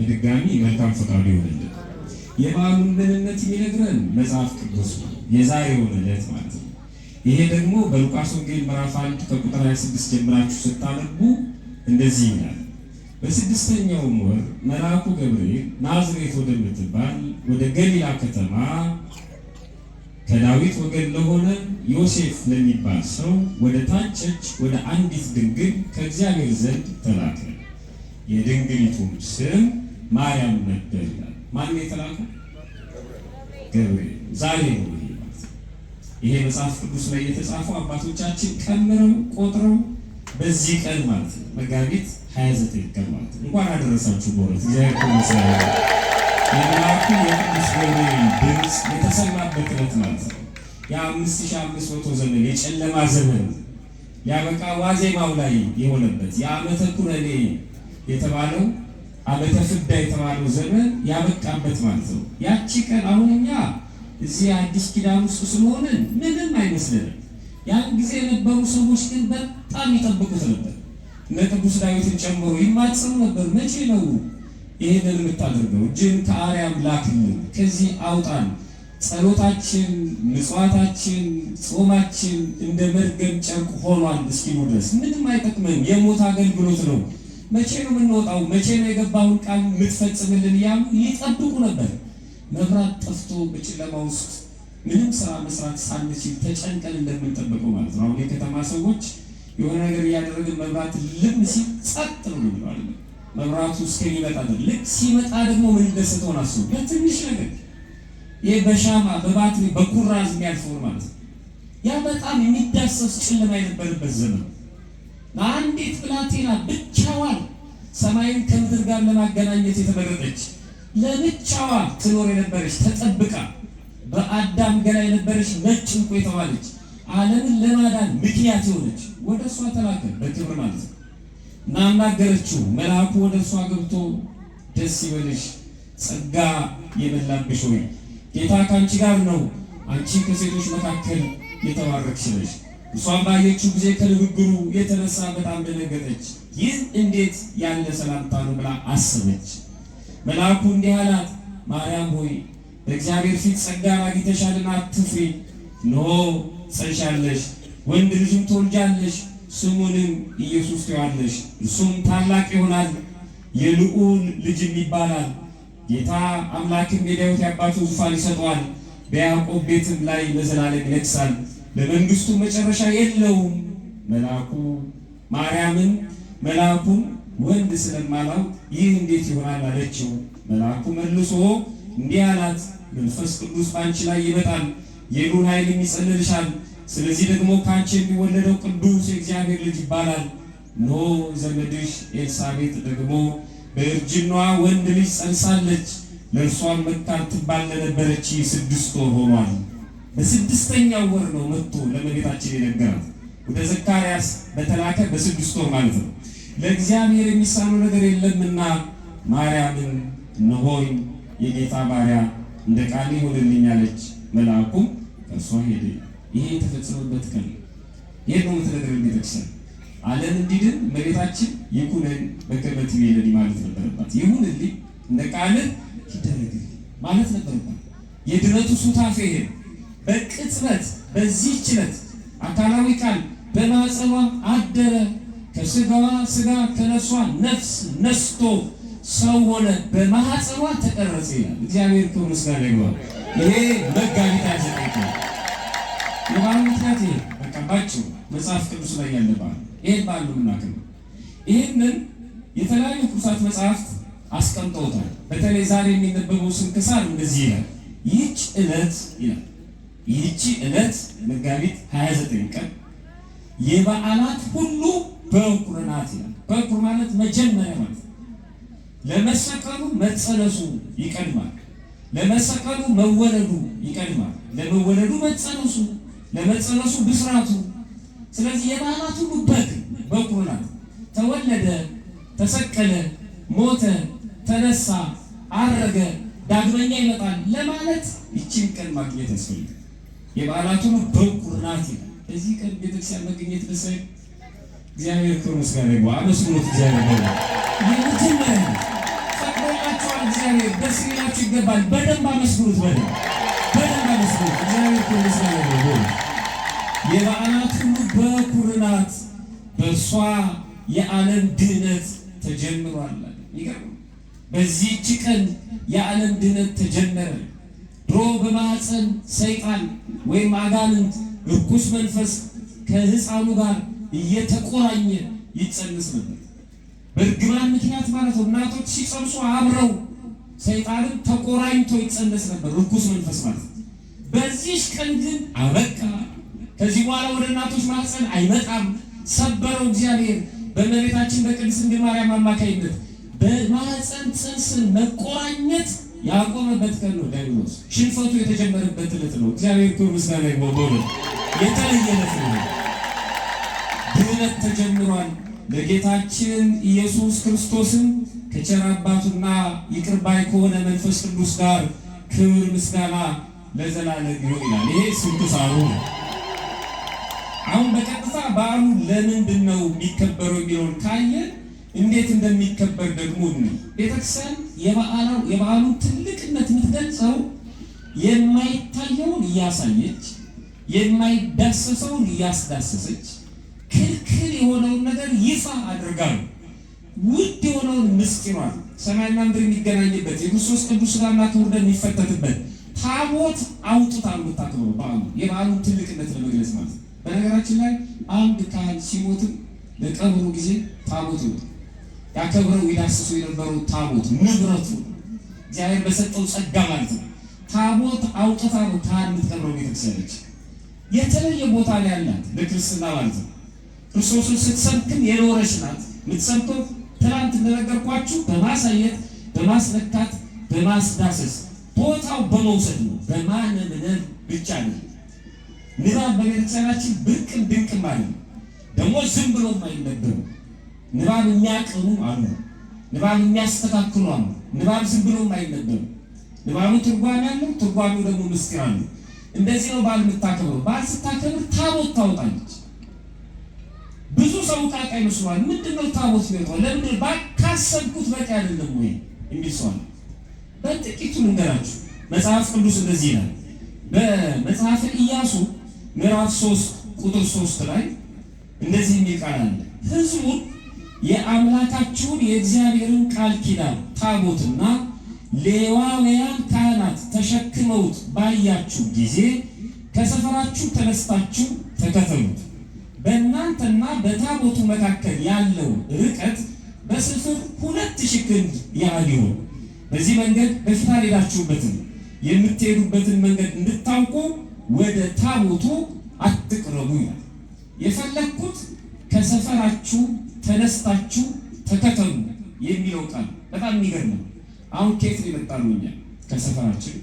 በድጋሚ መልካም ፈቃዱ ይሆንልን። የበዓሉን ምንነት የሚነግረን መጽሐፍ ቅዱስ ነው፣ የዛሬውን ዕለት ማለት ነው። ይሄ ደግሞ በሉቃስ ወንጌል ምዕራፍ 1 ከቁጥር 26 ጀምራችሁ ስታነቡ እንደዚህ ይላል። በስድስተኛውም ወር መልአኩ ገብርኤል ናዝሬት ወደምትባል ወደ ገሊላ ከተማ ከዳዊት ወገን ለሆነ ዮሴፍ ለሚባል ሰው ወደ ታጨች ወደ አንዲት ድንግል ከእግዚአብሔር ዘንድ ተላከ። የድንግሊቱም ስም ማርያም ነበር ይላል። ማን የተላከ? ገብርኤል። ዛሬ ነው ይሄ መጽሐፍ ቅዱስ ላይ የተጻፈው አባቶቻችን ቀምረው ቆጥረው በዚህ ቀን ማለት ነው መጋቢት 29 ቀን ማለት ነው። እንኳን አደረሳችሁ። በእውነት እግዚአብሔር ይመስገን። የመላኩ የቅዱስ ገብርኤል ድምፅ የተሰማበት ዕለት ማለት ነው። የአምስት ሺህ አምስት መቶ ዘመን የጨለማ ዘመን ያበቃ ዋዜማው ላይ የሆነበት የዓመተ ኩነኔ የተባለው ዓመተ ፍዳ የተባለው ዘመን ያበቃበት ማለት ነው። ያቺ ቀን አሁን እኛ እዚህ አዲስ ኪዳን ውስጥ ስለሆነ ምንም አይመስልንም። ያን ጊዜ የነበሩ ሰዎች ግን በጣም ይጠብቁት ነበር። እነ ቅዱስ ዳዊትን ጨምሮ ይማጽኑ ነበር። መቼ ነው ይህንን የምታደርገው? እጅን ከአርያም ላክልን፣ ከዚህ አውጣን። ጸሎታችን፣ ምጽዋታችን፣ ጾማችን እንደ መርገም ጨርቅ ሆኗል እስኪሉ ድረስ ምንም አይጠቅመን የሞት አገልግሎት ነው መቼ ነው የምንወጣው? መቼ ነው የገባውን ቃል የምትፈጽምልን? እያሉ ይጠብቁ ነበር። መብራት ጠፍቶ በጨለማ ውስጥ ምንም ስራ መስራት ሳንችል ተጨንቀን እንደምንጠብቀው ማለት ነው። አሁን የከተማ ሰዎች የሆነ ነገር እያደረግን መብራት ልም ሲል ጸጥ ነው የሚለዋል። መብራቱ እስከሚመጣ ልክ ሲመጣ ደግሞ ምን ደስተውን አስቡ። በትንሽ ነገር ይህ በሻማ በባትሪ በኩራዝ የሚያልፈውን ማለት ነው። ያ በጣም የሚዳሰስ ጨለማ የነበረበት ዘመን በአንዲት ብላቴና ብቻዋን ሰማይን ከምድር ጋር ለማገናኘት የተመረጠች ለብቻዋ ትኖር የነበረች ተጠብቃ በአዳም ገላ የነበረች ነጭ ዕንቁ የተባለች ዓለምን ለማዳን ምክንያት የሆነች ወደ እሷ ተላከ፣ በክብር ማለት ነው። እናናገረችው መልአኩ ወደ እሷ ገብቶ ደስ ይበልሽ፣ ጸጋ የመላብሽ ሆይ ጌታ ከአንቺ ጋር ነው፣ አንቺ ከሴቶች መካከል የተባረክሽ ነሽ እሷም ባየችው ጊዜ ከንግግሩ የተነሳ በጣም ደነገጠች። ይህ እንዴት ያለ ሰላምታ ነው ብላ አሰበች። መልአኩ እንዲህ አላት፣ ማርያም ሆይ በእግዚአብሔር ፊት ጸጋ አግኝተሻልና አትፍሪ። እነሆ ጸንሻለሽ፣ ወንድ ልጅም ትወልጃለሽ፣ ስሙንም ኢየሱስ ትይዋለሽ። እርሱም ታላቅ ይሆናል፣ የልዑል ልጅም ይባላል። ጌታ አምላክም የዳዊት አባቱ ዙፋን ይሰጠዋል፣ በያዕቆብ ቤትም ላይ ለዘላለም ይነግሣል። በመንግስቱ መጨረሻ የለውም። መልአኩ ማርያምን መልአኩን ወንድ ስለማላው ይህ እንዴት ይሆናል አለችው። መልአኩ መልሶ እንዲህ አላት፣ መንፈስ ቅዱስ በአንቺ ላይ ይመጣል፣ የሉን ኃይል ይጸልልሻል። ስለዚህ ደግሞ ከአንቺ የሚወለደው ቅዱስ የእግዚአብሔር ልጅ ይባላል። ኖ ዘመድሽ ኤልሳቤጥ ደግሞ በእርጅኗ ወንድ ልጅ ጸንሳለች፣ ለእርሷን መካን ትባል ለነበረች ስድስት ወር ሆኗል። በስድስተኛው ወር ነው መጥቶ ለመቤታችን የነገራት ወደ ዘካርያስ በተላከ በስድስት ወር ማለት ነው። ለእግዚአብሔር የሚሳነው ነገር የለምና ማርያምን እነሆኝ የጌታ ባሪያ እንደ ቃል አለች። መልአኩም ከእርሷ ሄደ። ይሄ የተፈጸመበት ቀን ይሄን ነው የምትነግረን ዓለም እንዲድን ይኩነን ማለት ነበረባት። ይሁንልኝ እንደ ይደረግልኝ ማለት ነበረባት። የድረቱ ሱታፌ ይሄን በቅጽበት በዚህች ዕለት አካላዊ ቃል በማኅፀኗ አደረ። ከስጋዋ ስጋ ከነሷ ነፍስ ነስቶ ሰው ሆነ፣ በማኅፀኗ ተቀረጸ ይላል። እግዚአብሔር ክብር ምስጋና ይግባው። ይሄ መጋቢት ዘጠኝ የበዓሉ ምክንያት ይሄ በቀባቸው መጽሐፍ ቅዱስ ላይ ያለ በዓል ይህን በዓል ነው ይህንን የተለያዩ ቅዱሳት መጽሐፍት አስቀምጠውታል። በተለይ ዛሬ የሚነበበው ስንክሳር እንደዚህ ይላል፣ ይህች ዕለት ይላል ይህቺ ዕለት መጋቢት 29 ቀን የበዓላት ሁሉ በኩር ናት። በኩር ማለት መጀመሪያ ማለት ለመሰቀሉ መጸነሱ ይቀድማል። ለመሰቀሉ መወለዱ ይቀድማል። ለመወለዱ መጸነሱ፣ ለመጸነሱ ብስራቱ። ስለዚህ የበዓላት ሁሉ በግ በኩር ናት። ተወለደ፣ ተሰቀለ፣ ሞተ፣ ተነሳ፣ አረገ፣ ዳግመኛ ይመጣል ለማለት ይችን ቀን ማግኘት ያስፈልጋል። የበዓላቱን በኩራት ይላል። በዚህ ቀን ቤተክርስቲያን መገኘት በሰይ እግዚአብሔር ክሩስ ጋር ነው። አመስግኑት እግዚአብሔር ነው። የመጀመሪያ ጸቅላቸዋል እግዚአብሔር ደስ ይላችሁ ይገባል። በደንብ አመስግኑት። በደንብ በደንብ አመስግኑት። እግዚአብሔር ክብር ጋር ነው። የበዓላት ሁሉ በኩርናት በእርሷ የዓለም ድህነት ተጀምሯል። ይገርም በዚህች ቀን የዓለም ድህነት ተጀመረ። ድሮ በማኅፀን ሰይጣን ወይም አጋንንት እርኩስ መንፈስ ከህፃኑ ጋር እየተቆራኘ ይጸንስ ነበር። በእርግማን ምክንያት ማለት ነው። እናቶች ሲጸንሱ አብረው ሰይጣንም ተቆራኝቶ ይጸነስ ነበር ርኩስ መንፈስ ማለት ነው። በዚህ ቀን ግን አበቃ። ከዚህ በኋላ ወደ እናቶች ማኅፀን አይመጣም። ሰበረው እግዚአብሔር በእመቤታችን በቅድስት ድንግል ማርያም አማካይነት በማኅፀን ጽንስን መቆራኘት ያቆመበት ቀን ነው። ዳግሞስ ሽንፈቱ የተጀመረበት ዕለት ነው። እግዚአብሔር ክብር ምስጋና ይገባው። የተለየ ዕለት ነው። ድህነት ተጀምሯል። ለጌታችን ኢየሱስ ክርስቶስን ከቸር አባቱና ይቅር ባይ ከሆነ መንፈስ ቅዱስ ጋር ክብር ምስጋና ለዘላለም ይሆን ይላል። ይሄ ስንክሳሩ ነው። አሁን በቀጥታ በዓሉ ለምንድን ነው የሚከበረው የሚለውን ካየን እንዴት እንደሚከበር ደግሞ ቤተክርስቲያን የበዓሉ ትልቅነት የምትገልጸው የማይታየውን እያሳየች የማይዳሰሰውን እያስዳሰሰች ክልክል የሆነውን ነገር ይፋ አድርጋሉ። ውድ የሆነውን ምስጢሯን ሰማይና ምድር የሚገናኝበት የክርስቶስ ቅዱስ ሥጋና ክቡር ደም የሚፈተትበት ታቦት አውጡታ ምታክሎ በዓሉ የበዓሉ ትልቅነት ለመግለጽ ማለት ነው። በነገራችን ላይ አንድ ካህን ሲሞትም በቀብሩ ጊዜ ታቦት ነው ያከብረው ይዳስሱ የነበረው ታቦት ንብረቱ እግዚአብሔር በሰጠው ጸጋ ማለት ነው። ታቦት አውጥታ ነው ታ የምትቀብረው ቤተክርስቲያኖች የተለየ ቦታ ላይ ያላት ለክርስትና ማለት ነው። ክርስቶስን ስትሰብክም የኖረች ናት። የምትሰብከው ትላንት እንደነገርኳችሁ በማሳየት በማስለካት በማስዳሰስ ቦታው በመውሰድ ነው። በማነምነም ብቻ ነው። ንባብ በቤተክርስቲያናችን ብርቅም ድንቅም አለ ደግሞ ዝም ብሎ የማይነበብ ንባብ የሚያቅኑ አሉ፣ ንባብ የሚያስተካክሉ አሉ። ንባብ ዝም ብሎ አይነበብም። ንባቡ ትርጓሜ አለው፣ ትርጓሜው ደግሞ ምስጢር አለው። እንደዚህ ነው ባል የምታከብረው። ባል ስታከብር ታቦት ታወጣለች። ብዙ ሰው ቃቃ ይመስለዋል። ምንድን ነው ታቦት ሚወጣው? ለምንድን ባካሰብኩት በቂ አይደለም ወይ የሚል ሰዋል። በጥቂቱ ልንገራችሁ። መጽሐፍ ቅዱስ እንደዚህ ይላል። በመጽሐፍ ኢያሱ ምዕራፍ 3 ቁጥር 3 ላይ እንደዚህ የሚል ቃል አለ ህዝቡን የአምላካችሁን የእግዚአብሔርን ቃል ኪዳን ታቦትና ሌዋውያን ካህናት ተሸክመውት ባያችሁ ጊዜ ከሰፈራችሁ ተነስታችሁ ተከተሉት። በእናንተና በታቦቱ መካከል ያለው ርቀት በስፍር ሁለት ሺህ ክንድ ያህል ይሆን። በዚህ መንገድ በፊት ሄዳችሁበትን የምትሄዱበትን መንገድ እንድታውቁ ወደ ታቦቱ አትቅረቡ ይላል። የፈለግኩት ከሰፈራችሁ ተነስታችሁ ተከተሉ የሚለው ቃል በጣም የሚገርም ነው። አሁን ኬት የመጣ ነው። እኛ ከሰፈራችን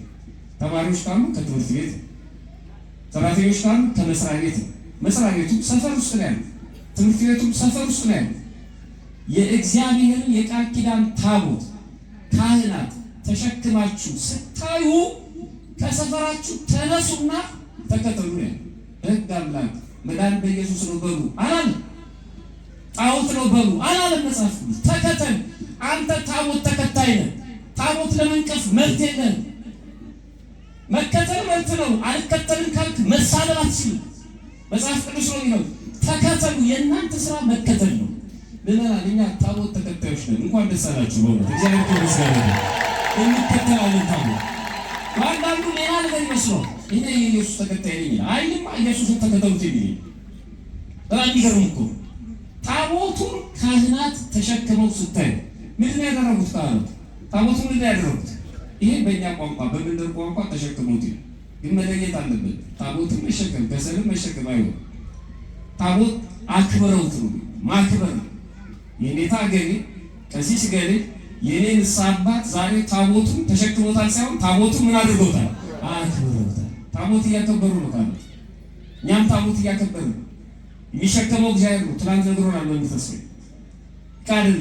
ተማሪዎች ካሉ ከትምህርት ቤት ሰራተኞች ካሉ ከመስሪያ ቤት መስሪያ ቤቱ ሰፈር ውስጥ ነው ያለው። ትምህርት ቤቱም ሰፈር ውስጥ ነው ያለው። የእግዚአብሔርን የቃል ኪዳን ታቦት ካህናት ተሸክማችሁ ስታዩ ከሰፈራችሁ ተነሱና ተከተሉ ነው። በህግ አምላክ መዳን በኢየሱስ ነው በሉ አላለም። ጣዖት ነው በሉ አላለም መጽሐፍ ቅዱስ። ተከተል አንተ ታቦት ተከታይ ነህ። ታቦት ለመንቀፍ መብት የለን። መከተል መብት ነው። አልከተልም ካልክ መሳለብ አትችልም። መጽሐፍ ቅዱስ ነው የሚለው። ተከተሉ። የእናንተ ስራ መከተል ነው። ምናል እኛ ታቦት ተከታዮች ነን። እንኳን ደስ አላችሁ። በእውነት እግዚአብሔር ይመስገን እንከተላለን ታቦት። አንዳንዱ ሌላ ነገር ይመስሏል። እኔ የኢየሱስ ተከታይ ነኝ አይልማ። ኢየሱስን ተከተሉት የሚል በጣም የሚገርም እኮ ታቦቱን ካህናት ተሸክመው ስታይ ምንድን ነው ያደረጉት? ካህናት ታቦቱ ምንድን ነው ያደረጉት? ይሄ በእኛ ቋንቋ በምንድር ቋንቋ ተሸክመውት፣ ግን መለየት አለብን። ታቦትን መሸከም ከሰልም መሸከም አይሆን። ታቦት አክብረውት ነው ማክበር ነው። የኔታ ገሌ ቀሲስ ገሌ የኔ ንስሐ አባት ዛሬ ታቦቱን ተሸክሞታል ሳይሆን ታቦቱ ምን አድርገውታል? አክብረውታል። ታቦት እያከበሩ ነው ካህናት። እኛም ታቦት እያከበሩ ነው የሚሸከመው እግዚአብሔር ነው። ትናንት ነግሮናል። መንፈስ ነው ካደለ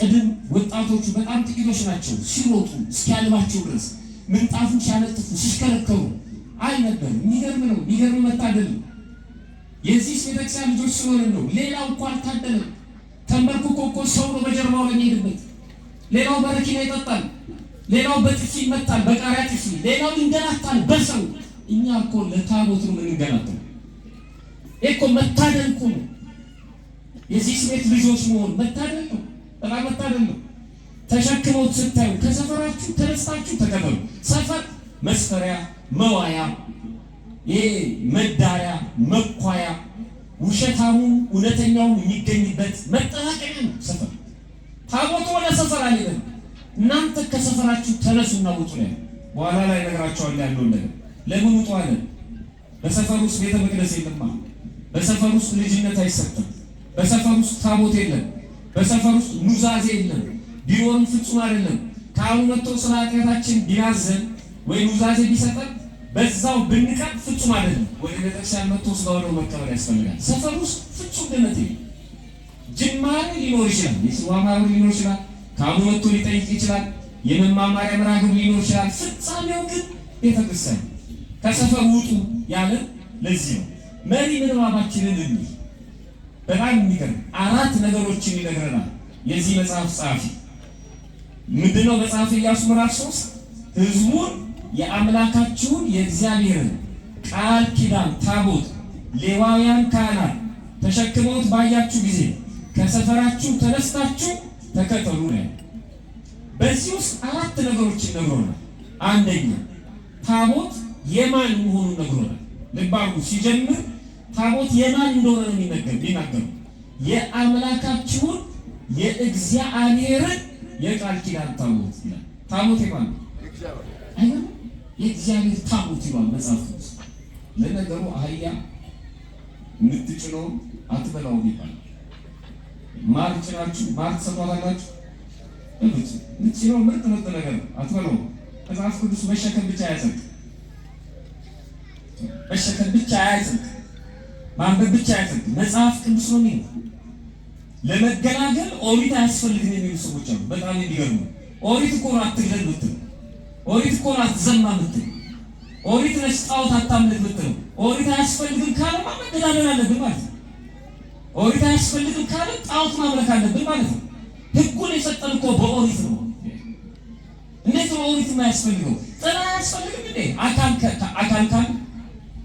ቅድም ወጣቶቹ በጣም ጥቂቶች ናቸው። ሲሮጡ እስኪያልባቸው ድረስ ምንጣፉን ሲያነጥፉ ሲሽከረከሩ አይ ነበር። የሚገርም ነው። የሚገርም መታደል ነው። የዚህ ቤተክርስቲያን ልጆች ስለሆነ ነው። ሌላው እኮ አልታደለም። ተንበርክኮ እኮ ሰው ነው በጀርባው ለሚሄድበት። ሌላው በረኪና ይጠጣል። ሌላው በጥፊ ይመታል፣ በቃሪያ ጥፊ። ሌላው ይንገላታል በሰው። እኛ እኮ ለታቦት ነው የምንገላታው እኮ መታደል እኮ ነው። የዚህ ስሜት ልጆች መሆን መታደል ነው። በጣም መታደል ነው። ተሸክመውት ስታዩ ከሰፈራችሁ ተነስታችሁ ተቀበሉ። ሰፈር መስፈሪያ፣ መዋያ፣ ይሄ መዳሪያ፣ መኳያ ውሸታሙ እውነተኛው የሚገኝበት መጠናቀቂያ ነው ሰፈር። ታቦቱ ወደ ሰፈር አልሄደም። እናንተ ከሰፈራችሁ ተነሱና ውጡ ነው። በኋላ ላይ እነግራቸዋለሁ ያለውን ነገር ለምን ውጡ አለ። በሰፈር ውስጥ ቤተ መቅደስ የለማ በሰፈር ውስጥ ልጅነት አይሰጥም። በሰፈር ውስጥ ታቦት የለም። በሰፈር ውስጥ ኑዛዜ የለም። ቢሮን ፍጹም አይደለም። ካሁን መጥቶ ስለ ኃጢአታችን ቢያዘን ወይ ኑዛዜ ቢሰጠን በዛው ብንቀጥ ፍጹም አይደለም። ወደ ቤተክርስቲያን መጥቶ ስለሆነው መከበር ያስፈልጋል። ሰፈር ውስጥ ፍጹም ድነት ጅማሬ ሊኖር ይችላል። የስዋ ሊኖር ይችላል። ካሁን መጥቶ ሊጠይቅ ይችላል። የመማማሪያ መራግብ ሊኖር ይችላል። ፍጻሜው ግን ቤተክርስቲያን ከሰፈር ውጡ ያለን ለዚህ ነው። መሪ ምንባባችንን እኒ በጣም የሚገርም አራት ነገሮችን ይነግረናል። የዚህ መጽሐፍ ጸሐፊ ምንድነው? መጽሐፍ ኢያሱ ምዕራፍ ሶስት ህዝቡን የአምላካችሁን የእግዚአብሔርን ቃል ኪዳን ታቦት ሌዋውያን ካህናት ተሸክመውት ባያችሁ ጊዜ ከሰፈራችሁ ተነስታችሁ ተከተሉ ነው። በዚህ ውስጥ አራት ነገሮች ነግሮናል። አንደኛ ታቦት የማን መሆኑን ነግሮናል። ልባሉ ሲጀምር ታቦት የማን እንደሆነ ነው የሚነገር የሚናገሩ የአምላካችሁን የእግዚአብሔርን የቃል ኪዳን ታቦት ይላል። ታቦት ይባል የእግዚአብሔር ታቦት ይሏል መጽሐፍ ውስጥ። ለነገሩ አህያ የምትጭነውን አትበላውም ይባል። ማር ጭናችሁ ማር ትሰጧታላችሁ። ምትጭነው ምርጥ ምርጥ ነገር አትበላውም። መጽሐፍ ቅዱስ መሸከም ብቻ ያዘግ መሸከም ብቻ አያትም፣ ማንበብ ብቻ አያትም። መጽሐፍ ቅዱስ ነው የሚል ለመገላገል ኦሪት አያስፈልግም የሚሉ ሰዎች አሉ። በጣም የሚገርሙ ኦሪት እኮ ነው አትግደል ምትል፣ ኦሪት እኮ ነው አትዘማ ምትል፣ ኦሪት ነች ጣዖት አታምልክ ምትል። ኦሪት አያስፈልግም ካለማ መገዳደል አለብን ማለት ነው። ኦሪት አያስፈልግም ካለ ጣዖት ማምለክ አለብን ማለት ነው። ህጉን የሰጠን እኮ በኦሪት ነው። እንዴት ነው ኦሪት የማያስፈልገው? ጥላ አያስፈልግም እንዴ? አካል አካል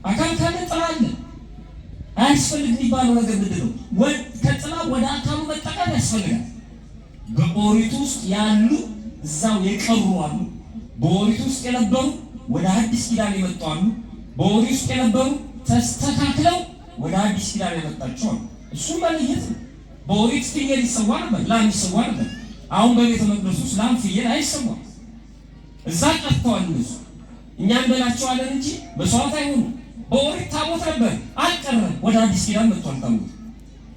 አካል ካለ ጥላ አለ። አያስፈልግ የሚባለው ነገር ምንድን ነው? ከጥላ ወደ አካሉ መጠቀም ያስፈልጋል። በኦሪት ውስጥ ያሉ እዛው የቀሩ አሉ። በኦሪት ውስጥ የነበሩ ወደ አዲስ ኪዳን የመጡ አሉ። በኦሪት ውስጥ የነበሩ ተስተካክለው ወደ አዲስ ኪዳን የመጣቸው አሉ። እሱ መለየት ነው። በኦሪት ፍየል ይሰዋ ነበር፣ ላም ይሰዋ ነበር። አሁን በቤተ መቅደስ ውስጥ ላም ፍየል አይሰዋም። እዛ ቀጥተዋል። እነሱ እኛ እንበላቸዋለን እንጂ መስዋዕት አይሆኑም። በኦሪት ታቦት ነበር አልቀረ ወደ አዲስ ኪዳን መጥቷል። ታቦት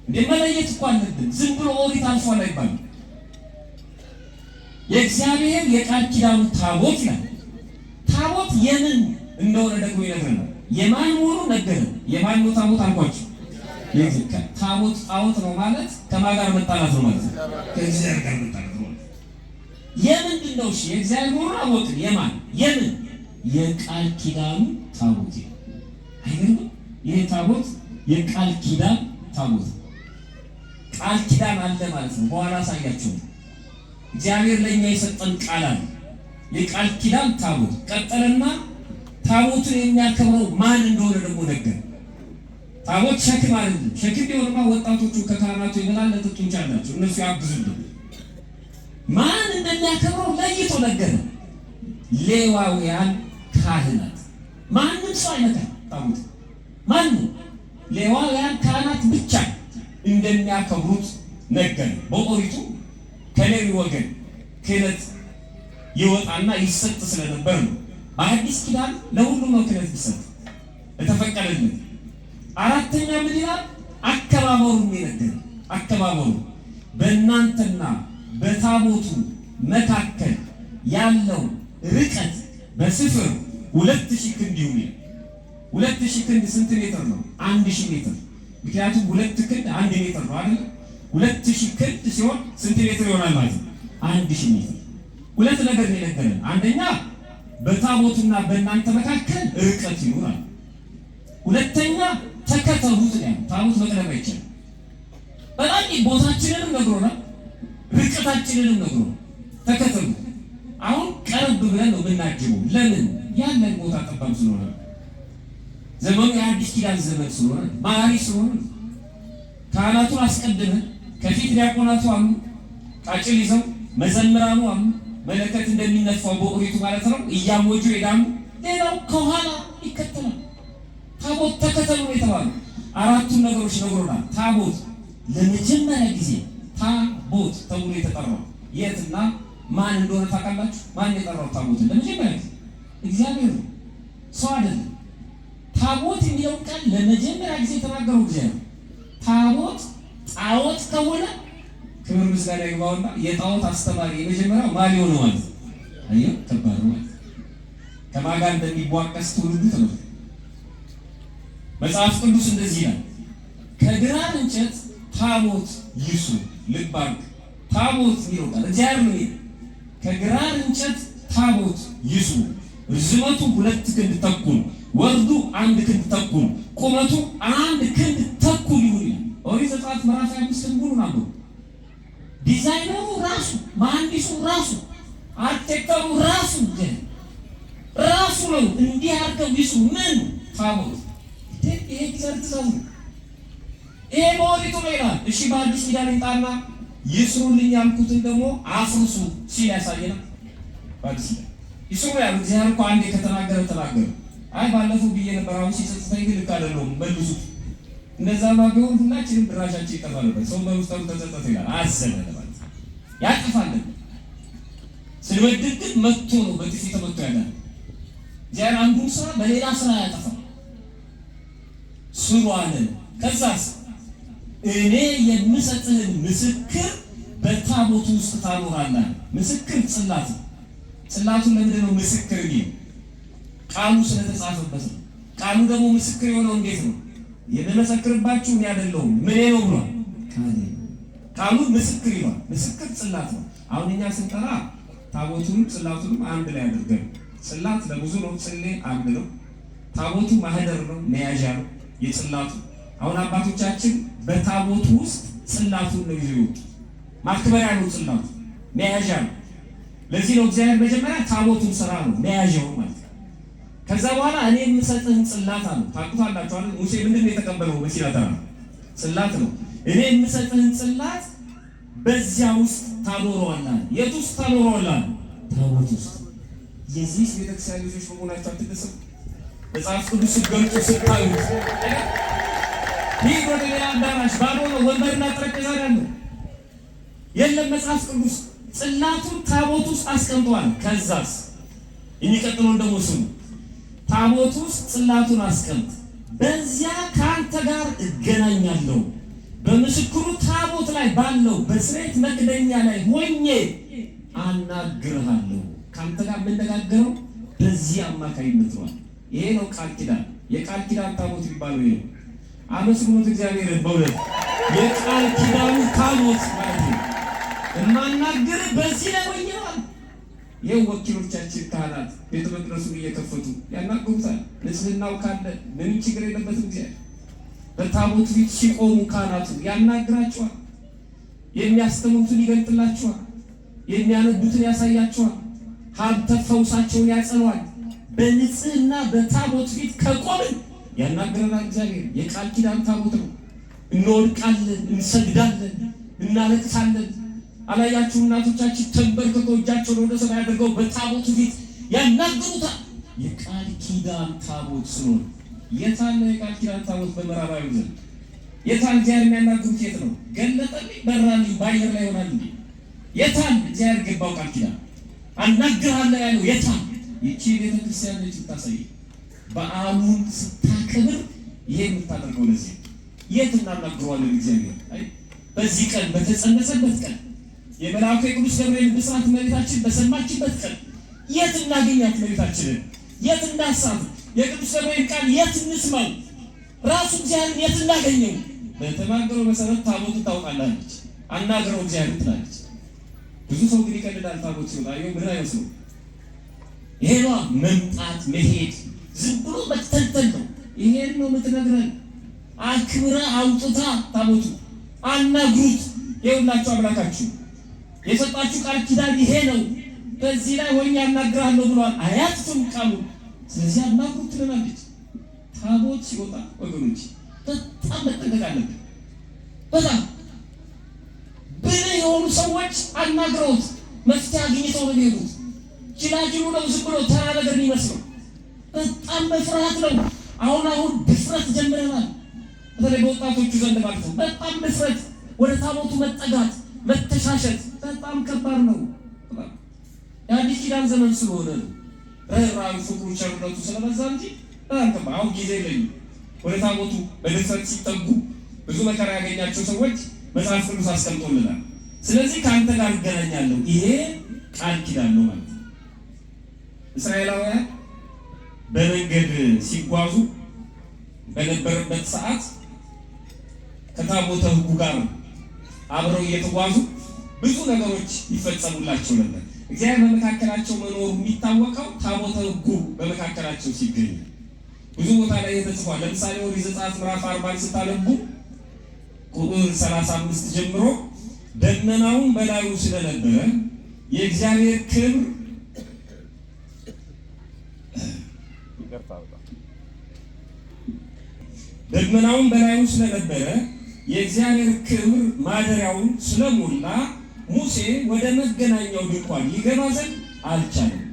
እንደ መለየት እኮ አለብን። ዝም ብሎ ኦሪት አልፏል አይባልም። የእግዚአብሔር የቃል ኪዳኑ ታቦት ነው። ታቦት የምን እንደሆነ ደግሞ ይነግረናል። የማን መሆኑ ነገር የማን ነው ታቦት አልኳችሁ? ታቦት ጣዖት ነው ማለት ከማን ጋር መጣላት ነው ማለት ነው? ከእግዚአብሔር ጋር መጣላት ነው ማለት የምንድን ነው? እሺ የእግዚአብሔር መሆኑን አወቅን። የማን የምን የቃል ኪዳኑ ታቦት ነው አይገርም? ይህ ታቦት የቃል ኪዳን ታቦት ቃል ኪዳን አለ ማለት ነው። በኋላ ሳያቸው እግዚአብሔር ለእኛ የሰጠን ቃል አለ። የቃል ኪዳን ታቦት ቀጠለና ታቦቱን የሚያከብረው ማን እንደሆነ ደግሞ ነገር ታቦት ሸክም አይደለም። ሸክም ቢሆንማ ወጣቶቹ ከካህናቱ ይበላል ለጥጡንቻ አላቸው እነሱ ያግዙልን። ማን እንደሚያከብረው ለይቶ ነገር ሌዋውያን ካህናት ማንም ሰው አይመጣም። ጣሙት ማን ሌዋውያን ካህናት ብቻ እንደሚያከብሩት ነገር በኦሪቱ ከሌዊ ወገን ክህነት ይወጣና ይሰጥ ስለነበር ነው። በአዲስ ኪዳን ለሁሉም ነው ክህነት ይሰጥ የተፈቀደልን። አራተኛ ምድላ አከባበሩ የሚነገር አከባበሩ በእናንተና በታቦቱ መካከል ያለው ርቀት በስፍር ሁለት ሺህ ክንድ ይሁን ይላል። ሁለት ሺህ ክንድ ስንት ሜትር ነው? አንድ ሺህ ሜትር። ምክንያቱም ሁለት ክንድ አንድ ሜትር ነው አይደል? ሁለት ሺህ ክንድ ሲሆን ስንት ሜትር ይሆናል ማለት ነው? አንድ ሺህ ሜትር። ሁለት ነገር የነገረን አንደኛ በታቦትና በእናንተ መካከል ርቀት ይኖራል። ሁለተኛ ተከተሉት ነው። ታቦት መቅረብ አይችልም። በጣም ቦታችንንም ነግሮናል፣ ርቀታችንንም ነግሮናል። ተከተሉት። አሁን ቀረብ ብለን ነው የምናጅበው። ለምን? ያለን ቦታ ጠባብ ስለሆነ ዘመኑ የአዲስ ኪዳን ዘመን ስለሆነ ማሪ ስለሆነ ካህናቱን አስቀድመን ከፊት ዲያቆናቱ አሉ፣ ቃጭል ይዘው መዘምራኑ አሉ፣ መለከት እንደሚነፋው በኦሪቱ ማለት ነው እያሞጁ ሄዳሉ። ሌላው ከኋላ ይከተላል። ታቦት ተከተሉ የተባሉ አራቱን ነገሮች ነግሮናል። ታቦት ለመጀመሪያ ጊዜ ታቦት ተብሎ የተጠራው የትና ማን እንደሆነ ታውቃላችሁ? ማን የጠራው ታቦትን ለመጀመሪያ ጊዜ? እግዚአብሔር ነው፣ ሰው አይደለም። ታቦት የሚለውን ቃል ለመጀመሪያ ጊዜ የተናገረው ጊዜ ነው። ታቦት ጣዖት ከሆነ ክብር ምስጋና ይግባውና የጣዖት አስተማሪ የመጀመሪያው ማን ሆነ ማለት አየሁ ተባሩ ማለት ከማን ጋር እንደሚቧቀስ ትውልዱ ተመ መጽሐፍ ቅዱስ እንደዚህ ይላል፣ ከግራር እንጨት ታቦት ይሱ ልባንክ ታቦት የሚለው ቃል እግዚአብሔር ነው። ከግራር እንጨት ታቦት ይሱ ርዝመቱ ሁለት ክንድ ተኩል ነው ወርዱ አንድ ክንድ ተኩል ቁመቱ አንድ ክንድ ተኩል ይሁን ይላል ኦሪት ዘጸአት ምዕራፍ አምስትን ሙሉን ዲዛይነሩ ራሱ መሐንዲሱ ራሱ አርቴክተሩ ራሱ ራሱ ነው እንዲህ አድርገው ይሱ ምን ታቦት ይሄ ዲዛይን ይሄ በኦሪቱ ነው ይላል። እሺ በአዲስ ኪዳን ይምጣና ይስሩልኝ ያልኩትን ደግሞ አፍርሱ ሲል ያሳየናል። በአዲስ ኪዳን ይስሩ ያሉ እግዚአብሔር እኮ አንዴ ከተናገረ ተናገረ አይ ባለፈው ብዬ ነበር፣ አሁን ሲጸጽተኝ ግን ልክ አይደለሁም እንደዛማ ቢሆን ሁላችንም ድራሻችን ይጠፋ ነበር። ሰው በውስጠሩ ተጸጸተ ይላል አዘነ ማለት ያጠፋል። ስንበድል መጥቶ ነው በጥፊ ተመቶ ያለ ዚያን አንዱን ስራ በሌላ ስራ ያጠፋል። ስሩ አለ። ከዛስ እኔ የምሰጥህን ምስክር በታቦቱ ውስጥ ታኖራለህ። ምስክር ጽላት ጽላቱን ለምንድን ነው ምስክር የሚል ቃሉ ስለተጻፈበት ነው። ቃሉ ደግሞ ምስክር የሆነው እንዴት ነው? የምመሰክርባችሁ እኔ አይደለሁም ምኔ ነው ብሏል። ቃሉ ምስክር ይሏል። ምስክር ጽላት ነው። አሁን እኛ ስንጠራ ታቦቱንም ጽላቱንም አንድ ላይ አድርገን ጽላት ለብዙ ነው፣ ጽሌ አንድ ነው። ታቦቱ ማህደር ነው፣ መያዣ ነው የጽላቱ። አሁን አባቶቻችን በታቦቱ ውስጥ ጽላቱን ነው ይዘው ይወጡ። ማክበሪያ ነው ጽላቱ፣ መያዣ ነው። ለዚህ ነው እግዚአብሔር መጀመሪያ ታቦቱን ስራ ነው መያዣው ማለት ከዛ በኋላ እኔ የምሰጥህን ጽላት አሉ። ታውቁታላችሁ አይደል? ሙሴ ምንድን ነው የተቀበለው? በሲና ተራራ ጽላት ነው። እኔ የምሰጥህን ጽላት በዚያ ውስጥ ታኖረዋላ። የት ውስጥ ታኖረዋላ? ታቦት ውስጥ። የዚህ ቤተክርስቲያን ልጆች በመሆናቸው አትደሰም? መጽሐፍ ቅዱስ ገልጦ ስታዩ ይህ ወደ ሌላ አዳራሽ ባዶ ነው፣ ወንበርና ጠረጴዛ ያለው የለም። መጽሐፍ ቅዱስ ጽላቱን ታቦት ውስጥ አስቀምጠዋል። ከዛስ የሚቀጥለውን ደግሞ ስሙ ታቦት ውስጥ ጽላቱን አስቀምጥ፣ በዚያ ከአንተ ጋር እገናኛለሁ። በምስክሩ ታቦት ላይ ባለው በስሬት መክደኛ ላይ ሆኜ አናግርሃለሁ። ከአንተ ጋር የምነጋገረው በዚህ አማካኝነት ነው። ይሄ ነው ቃል ኪዳን። የቃል ኪዳን ታቦት ይባሉ ይሄ ነው። አመስግኑት እግዚአብሔርን በእውነት የቃል ኪዳኑ ታቦት ማለት ነው። የማናግርህ በዚህ ላይ ይህ ወኪሎቻችን ካህናት ቤተ መቅደሱን እየከፈቱ ያናግሩታል። ንጽህናው ካለ ምንም ችግር የለበትም። እግዚአብሔር በታቦት ፊት ሲቆሙ ካህናቱ ያናግራቸዋል። የሚያስተምሩትን ይገልጥላቸዋል። የሚያነዱትን ያሳያቸዋል። ሀብተ ፈውሳቸውን ያጸኗል። በንጽህና በታቦት ፊት ከቆምን ያናግረናል። እግዚአብሔር የቃል ኪዳን ታቦት ነው። እንወድቃለን፣ እንሰግዳለን፣ እናለቅሳለን አላያችሁ? እናቶቻችን ተንበርክከው እጃቸውን ወደ ሰማይ አድርገው በታቦቱ ፊት ያናገሩታል። የቃል ኪዳን ታቦት ሲሆን የታለ? የቃል ኪዳን ታቦት በምዕራባዊ ዘንድ የታል? እግዚአብሔር የሚያናግሩት የት ነው? ገለጠልኝ፣ በራልኝ፣ በአየር ላይ ይሆናል እንዴ? የታል? እግዚአብሔር ገባው ቃል ኪዳን አናግርሃለሁ ያለው የታል? ይቺ ቤተክርስቲያን ነች የምታሳይ በዓሉን ስታከብር ይሄ የምታደርገው ለዚህ የት እናናግረዋለን? እግዚአብሔር በዚህ ቀን በተጸነሰበት ቀን የመልአኩ የቅዱስ ገብርኤል ብስራት እመቤታችን በሰማችበት ቀን የት እናገኛት? እመቤታችንን የት እናሳት? የቅዱስ ገብርኤል ቃል የት እንስማው? ራሱ እግዚአብሔር የት እናገኘው? በተናገረው መሰረት ታቦቱ ታውቃላለች። አናገረው እግዚአብሔር ትላለች። ብዙ ሰው ግን ይቀልዳል። ታቦት ሲወጣ ይኸው ምን አይመስለው ይሄዋ መምጣት መሄድ ዝም ብሎ መተንተን ነው። ይሄን ነው የምትነግረን። አክብረ አውጥታ ታቦቱ አናግሩት የሁላችሁ አምላካችሁ የሰጣችሁ ቃል ኪዳን ይሄ ነው፣ በዚህ ላይ ወይም ያናግራለሁ ብሏል። አያትቱም ቃሉ። ስለዚህ አናግሩት ትለናለች። ታቦት ሲወጣ ወገኖች በጣም መጠንቀቅ አለብን። በጣም ብል የሆኑ ሰዎች አናግረውት መፍትሄ አግኝተው ነው የሚሄዱት። ጅላጅሉ ነው ዝም ብሎ ተራ ነገር የሚመስለው። በጣም መፍራት ነው። አሁን አሁን ድፍረት ጀምረናል፣ በተለይ በወጣቶቹ ዘንድ ማለት ነው። በጣም ድፍረት ወደ ታቦቱ መጠጋት መተሻሸት በጣም ከባድ ነው። የአዲስ ኪዳን ዘመን ስለሆነ ነው። ርኅራኄው፣ ፍቅሩ፣ ቸርነቱ ስለበዛ እንጂ በጣም ከባድ አሁን ጊዜ ለኝ ወደ ታቦቱ በድፍረት ሲጠጉ ብዙ መከራ ያገኛቸው ሰዎች መጽሐፍ ቅዱስ አስቀምጦልናል። ስለዚህ ከአንተ ጋር እገናኛለሁ ይሄ ቃል ኪዳን ነው ማለት ነው። እስራኤላውያን በመንገድ ሲጓዙ በነበረበት ሰዓት ከታቦተ ሕጉ ጋር ነው አብረው እየተጓዙ ብዙ ነገሮች ይፈጸሙላቸው ነበር። እግዚአብሔር በመካከላቸው መኖሩ የሚታወቀው ታቦተ ሕጉ በመካከላቸው ሲገኝ ብዙ ቦታ ላይ ተጽፏል። ለምሳሌ ወደ ዘጸአት ምዕራፍ አርባን ስታነቡ ቁጥር ሰላሳ አምስት ጀምሮ ደመናውን በላዩ ስለነበረ የእግዚአብሔር ክብር ደመናውን በላዩ ስለነበረ የእግዚአብሔር ክብር ማደሪያውን ስለሞላ ሙሴ ወደ መገናኛው ድንኳን ይገባ ዘንድ አልቻለም።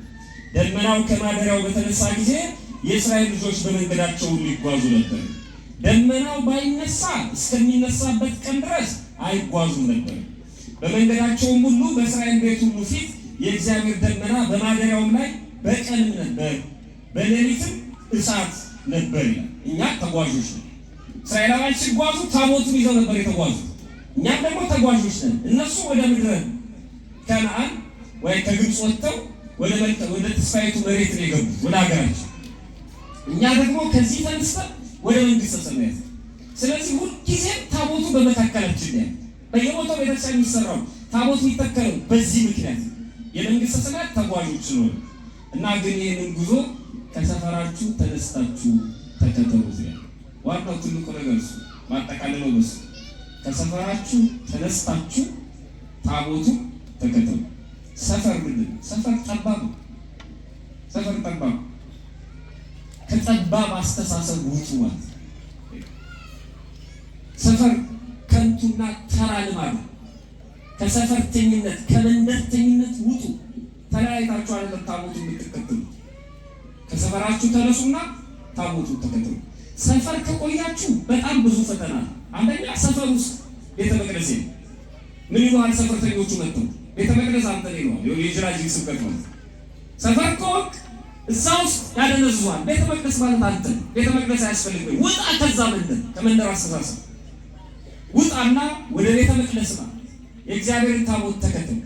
ደመናው ከማደሪያው በተነሳ ጊዜ የእስራኤል ልጆች በመንገዳቸው ሊጓዙ ይጓዙ ነበር። ደመናው ባይነሳ እስከሚነሳበት ቀን ድረስ አይጓዙም ነበር። በመንገዳቸውም ሁሉ በእስራኤል ቤት ሁሉ ፊት የእግዚአብሔር ደመና በማደሪያውም ላይ በቀንም ነበር፣ በሌሊትም እሳት ነበር። እኛ ተጓዦች ነው። እስራኤላውያን ሲጓዙ ታቦቱን ይዘው ነበር የተጓዙ። እኛም ደግሞ ተጓዦች ነን። እነሱ ወደ ምድረ ከነአን ወይ ከግብፅ ወጥተው ወደ ተስፋይቱ መሬት ነው የገቡ ወደ ሀገራቸው። እኛ ደግሞ ከዚህ ተነስተን ወደ መንግስተ ሰማያት። ስለዚህ ሁልጊዜም ታቦቱ በመካከላችን ላይ በየቦታው ቤተክርስቲያን የሚሰራው ታቦት የሚተከለው በዚህ ምክንያት የመንግስተ ሰማያት ተጓዦች ነው እና ግን ይህንን ጉዞ ከሰፈራችሁ ተነስታችሁ ተከተሉ ዚያ ዋናው ትልቁ ነገር እሱ ማጠቃለለው በሱ ከሰፈራችሁ ተነስታችሁ ታቦቱ ተከተሉ። ሰፈር ምንድን ነው? ሰፈር ጠባብ ሰፈር ጠባብ ከጠባብ አስተሳሰብ ውጡ ማለት ሰፈር ከንቱና ተራ ልማድ ከሰፈርተኝነት ከመንደርተኝነት ውጡ። ተለያይታችሁ አይደለም ታቦቱ የምትከተሉ ከሰፈራችሁ ተነሱና ታቦቱ ተከተሉ። ሰፈር ከቆያችሁ በጣም ብዙ ፈተና ነው። አንደኛ ሰፈር ውስጥ ቤተ መቅደስ ምን ይሉሃል ሰፈርተኞቹ መጡ ቤተ መቅደስ አንተን ይለዋል። የጅራጅ ስብከት ነው። ሰፈር ከወቅ እዛ ውስጥ ያደነዝዟል። ቤተ መቅደስ ማለት አንተ ቤተ መቅደስ አያስፈልግም። ውጣ ከዛ ምንድ ከመንደር አስተሳሰብ ውጣና ወደ ቤተ መቅደስ ና የእግዚአብሔርን ታቦት ተከትል።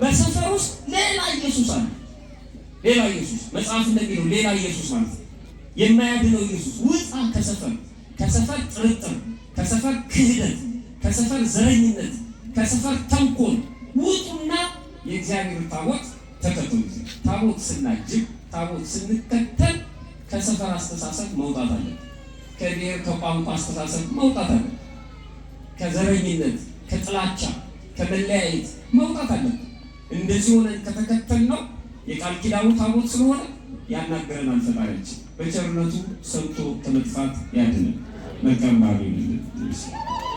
በሰፈር ውስጥ ሌላ ኢየሱስ አለ። ሌላ ኢየሱስ መጽሐፍ እንደሚለው ሌላ ኢየሱስ ማለት ነው የማያድነው ኢየሱስ ውጣ ከሰፈር ከሰፈር ጥርጥር፣ ከሰፈር ክህደት፣ ከሰፈር ዘረኝነት፣ ከሰፈር ተንኮል ውጡና የእግዚአብሔር ታቦት ተከተሉ። ታቦት ስናጅብ፣ ታቦት ስንከተል ከሰፈር አስተሳሰብ መውጣት አለን። ከብሔር ከቋንቋ አስተሳሰብ መውጣት አለን። ከዘረኝነት፣ ከጥላቻ፣ ከመለያየት መውጣት አለን። እንደዚህ ሆነን ከተከተል ነው የቃል ኪዳኑ ታቦት ስለሆነ ያናገረን አልፈጣሪያችን በቸርነቱ ሰጥቶ ከመጥፋት ያድነን። መልካም ባህሪ ይሆንልን።